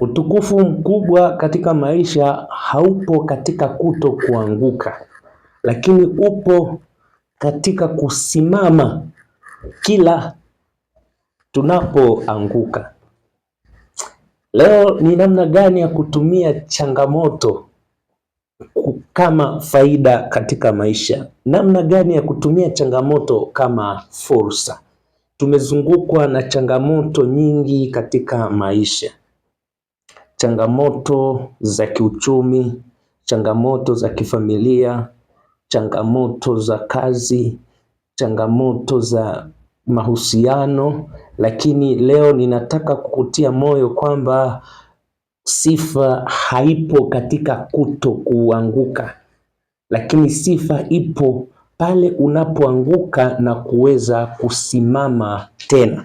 Utukufu mkubwa katika maisha haupo katika kuto kuanguka, lakini upo katika kusimama kila tunapoanguka. Leo ni namna gani ya kutumia changamoto kama faida katika maisha? Namna gani ya kutumia changamoto kama fursa? Tumezungukwa na changamoto nyingi katika maisha changamoto za kiuchumi, changamoto za kifamilia, changamoto za kazi, changamoto za mahusiano, lakini leo ninataka kukutia moyo kwamba sifa haipo katika kuto kuanguka, lakini sifa ipo pale unapoanguka na kuweza kusimama tena.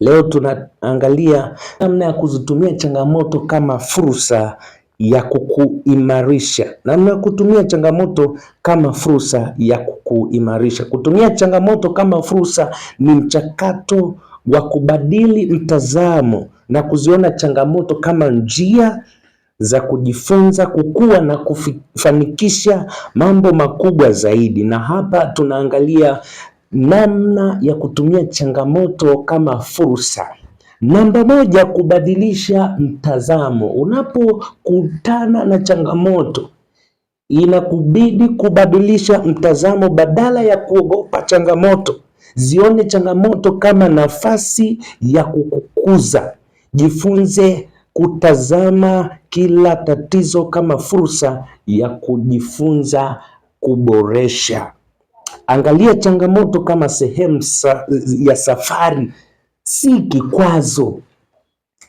Leo tunaangalia namna ya kuzitumia changamoto kama fursa ya kukuimarisha, namna ya kutumia changamoto kama fursa ya kukuimarisha. Kutumia changamoto kama fursa ni mchakato wa kubadili mtazamo na kuziona changamoto kama njia za kujifunza, kukua na kufanikisha mambo makubwa zaidi. Na hapa tunaangalia Namna ya kutumia changamoto kama fursa. Namba moja, kubadilisha mtazamo. Unapokutana na changamoto, inakubidi kubadilisha mtazamo. Badala ya kuogopa changamoto, zione changamoto kama nafasi ya kukukuza. Jifunze kutazama kila tatizo kama fursa ya kujifunza kuboresha. Angalia changamoto kama sehemu sa, ya safari, si kikwazo.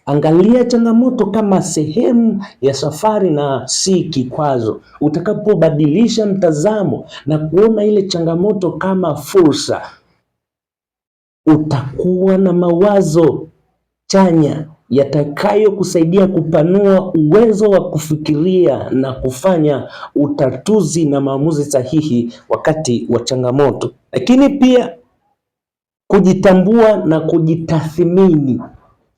Angalia changamoto kama sehemu ya safari na si kikwazo. Utakapobadilisha mtazamo na kuona ile changamoto kama fursa, utakuwa na mawazo chanya yatakayokusaidia kupanua uwezo wa kufikiria na kufanya utatuzi na maamuzi sahihi wakati wa changamoto. Lakini pia kujitambua na kujitathmini.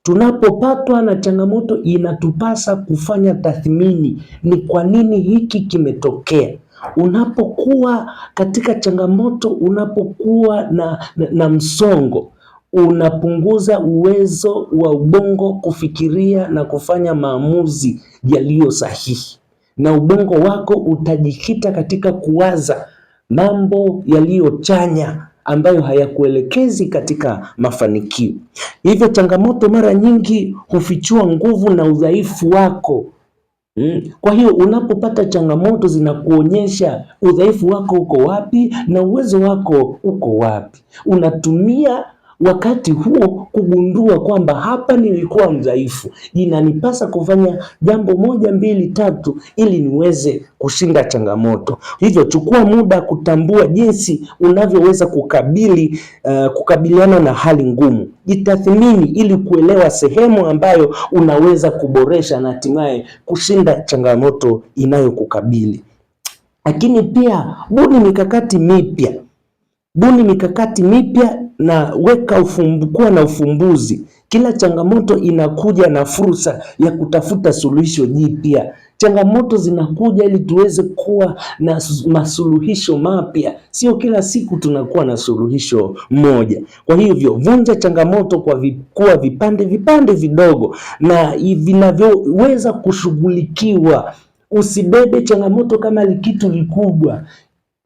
Tunapopatwa na changamoto, inatupasa kufanya tathmini, ni kwa nini hiki kimetokea. Unapokuwa katika changamoto, unapokuwa na, na, na msongo unapunguza uwezo wa ubongo kufikiria na kufanya maamuzi yaliyo sahihi, na ubongo wako utajikita katika kuwaza mambo yaliyochanya ambayo hayakuelekezi katika mafanikio. Hivyo changamoto mara nyingi hufichua nguvu na udhaifu wako. Hmm? Kwa hiyo unapopata changamoto zinakuonyesha udhaifu wako uko wapi na uwezo wako uko wapi. Unatumia wakati huo kugundua kwamba hapa nilikuwa mdhaifu, inanipasa kufanya jambo moja, mbili, tatu ili niweze kushinda changamoto. Hivyo chukua muda kutambua jinsi unavyoweza kukabili uh, kukabiliana na hali ngumu. Jitathmini ili kuelewa sehemu ambayo unaweza kuboresha na hatimaye kushinda changamoto inayokukabili. Lakini pia buni mikakati mipya, buni mikakati mipya na weka ufumbu, kuwa na ufumbuzi. Kila changamoto inakuja na fursa ya kutafuta suluhisho jipya. Changamoto zinakuja ili tuweze kuwa na masuluhisho mapya, sio kila siku tunakuwa na suluhisho moja. Kwa hivyo vunja changamoto kwa kuwa vipande vipande vidogo na vinavyoweza kushughulikiwa. Usibebe changamoto kama kitu kikubwa,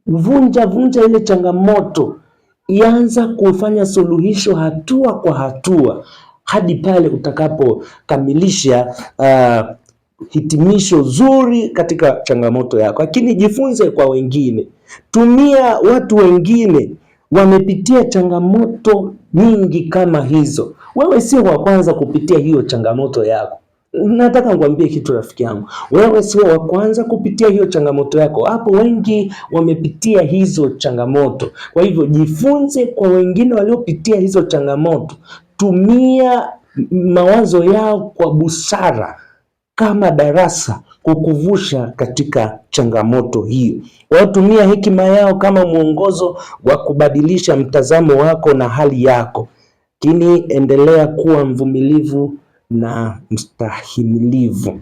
vunja vunja ile changamoto ianza kufanya suluhisho hatua kwa hatua hadi pale utakapokamilisha uh, hitimisho zuri katika changamoto yako. Lakini jifunze kwa wengine, tumia watu wengine wamepitia changamoto nyingi kama hizo. Wewe sio wa kwanza kupitia hiyo changamoto yako. Nataka nikwambie kitu rafiki yangu, wewe sio wa kwanza kupitia hiyo changamoto yako. Hapo wengi wamepitia hizo changamoto, kwa hivyo jifunze kwa wengine waliopitia hizo changamoto. Tumia mawazo yao kwa busara kama darasa kukuvusha katika changamoto hiyo. Watumia hekima yao kama mwongozo wa kubadilisha mtazamo wako na hali yako, lakini endelea kuwa mvumilivu na mstahimilivu.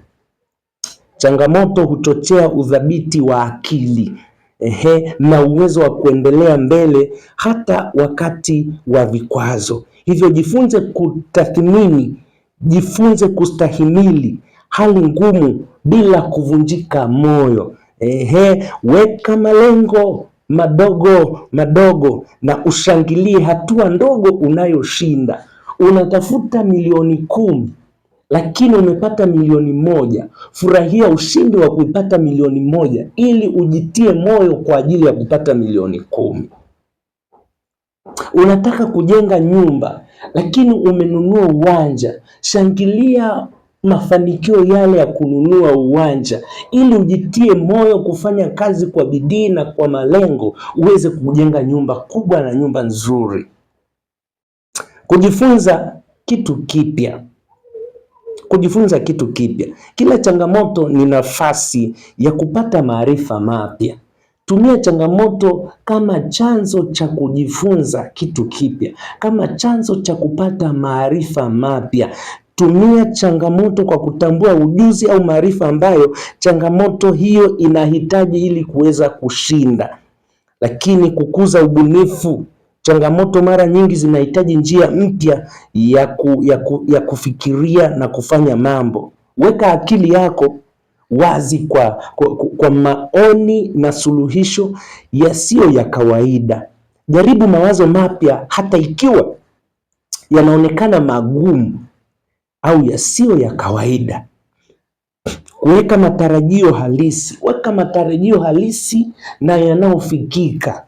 Changamoto huchochea udhabiti wa akili ehe, na uwezo wa kuendelea mbele hata wakati wa vikwazo. Hivyo jifunze kutathmini, jifunze kustahimili hali ngumu bila kuvunjika moyo. Ehe, weka malengo madogo madogo na ushangilie hatua ndogo unayoshinda unatafuta milioni kumi lakini umepata milioni moja. Furahia ushindi wa kuipata milioni moja ili ujitie moyo kwa ajili ya kupata milioni kumi. Unataka kujenga nyumba lakini umenunua uwanja, shangilia mafanikio yale ya kununua uwanja ili ujitie moyo kufanya kazi kwa bidii na kwa malengo uweze kujenga nyumba kubwa na nyumba nzuri. Kujifunza kitu kipya, kujifunza kitu kipya. Kila changamoto ni nafasi ya kupata maarifa mapya. Tumia changamoto kama chanzo cha kujifunza kitu kipya, kama chanzo cha kupata maarifa mapya. Tumia changamoto kwa kutambua ujuzi au maarifa ambayo changamoto hiyo inahitaji ili kuweza kushinda. Lakini kukuza ubunifu Changamoto mara nyingi zinahitaji njia mpya ya, ku, ya, ku, ya kufikiria na kufanya mambo. Weka akili yako wazi kwa, kwa, kwa maoni na suluhisho yasiyo ya kawaida. Jaribu mawazo mapya hata ikiwa yanaonekana magumu au yasiyo ya kawaida. Kuweka matarajio halisi. Weka matarajio halisi na yanayofikika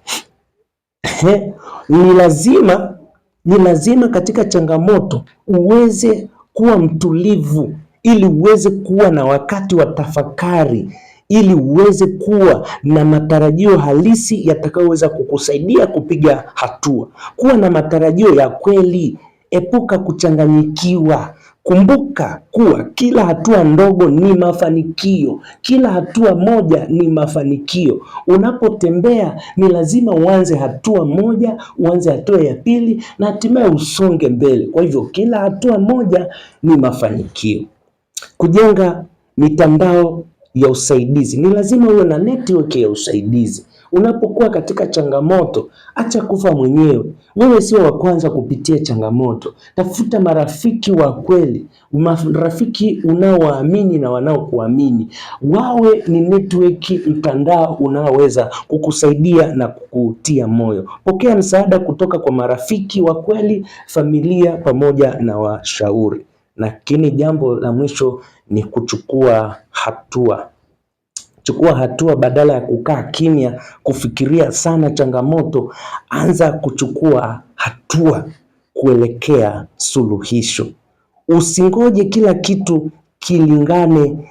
ni lazima ni lazima katika changamoto uweze kuwa mtulivu, ili uweze kuwa na wakati wa tafakari, ili uweze kuwa na matarajio halisi yatakayoweza kukusaidia kupiga hatua. Kuwa na matarajio ya kweli, epuka kuchanganyikiwa. Kumbuka kuwa kila hatua ndogo ni mafanikio, kila hatua moja ni mafanikio. Unapotembea ni lazima uanze hatua moja, uanze hatua ya pili na hatimaye usonge mbele. Kwa hivyo kila hatua moja ni mafanikio. Kujenga mitandao ya usaidizi, ni lazima uwe na network ya usaidizi. Unapokuwa katika changamoto, acha kufa mwenyewe. Wewe sio wa kwanza kupitia changamoto. Tafuta marafiki wa kweli, marafiki unaowaamini na wanaokuamini. Wawe ni netweki, mtandao unaoweza kukusaidia na kukutia moyo. Pokea msaada kutoka kwa marafiki wa kweli, familia pamoja na washauri. Lakini jambo la mwisho ni kuchukua hatua. Chukua hatua badala ya kukaa kimya, kufikiria sana changamoto. Anza kuchukua hatua kuelekea suluhisho. Usingoje kila kitu kilingane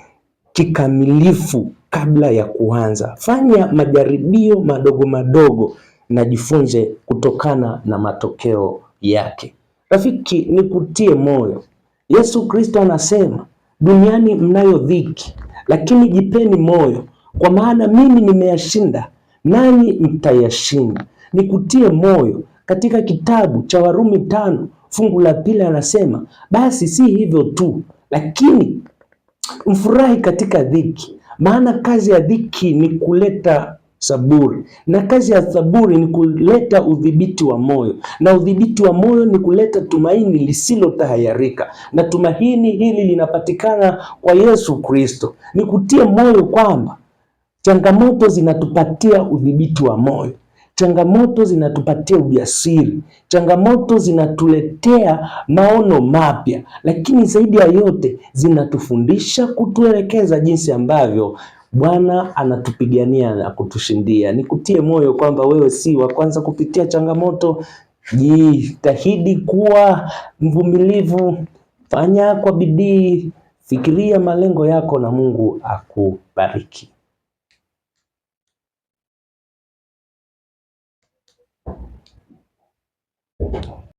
kikamilifu kabla ya kuanza. Fanya majaribio madogo madogo na jifunze kutokana na matokeo yake. Rafiki, nikutie moyo. Yesu Kristo anasema, duniani mnayo dhiki, lakini jipeni moyo, kwa maana mimi nimeyashinda, nanyi mtayashinda. Nikutie moyo katika kitabu cha Warumi tano fungu la pili anasema, basi si hivyo tu, lakini mfurahi katika dhiki, maana kazi ya dhiki ni kuleta saburi. Na kazi ya saburi ni kuleta udhibiti wa moyo, na udhibiti wa moyo ni kuleta tumaini lisilotahayarika, na tumaini hili linapatikana kwa Yesu Kristo. Ni kutia moyo kwamba changamoto zinatupatia udhibiti wa moyo, changamoto zinatupatia ujasiri, changamoto zinatuletea maono mapya, lakini zaidi ya yote zinatufundisha, kutuelekeza jinsi ambavyo Bwana anatupigania na kutushindia. Nikutie moyo kwamba wewe si wa kwanza kupitia changamoto. Jitahidi kuwa mvumilivu, fanya kwa bidii, fikiria malengo yako na Mungu akubariki.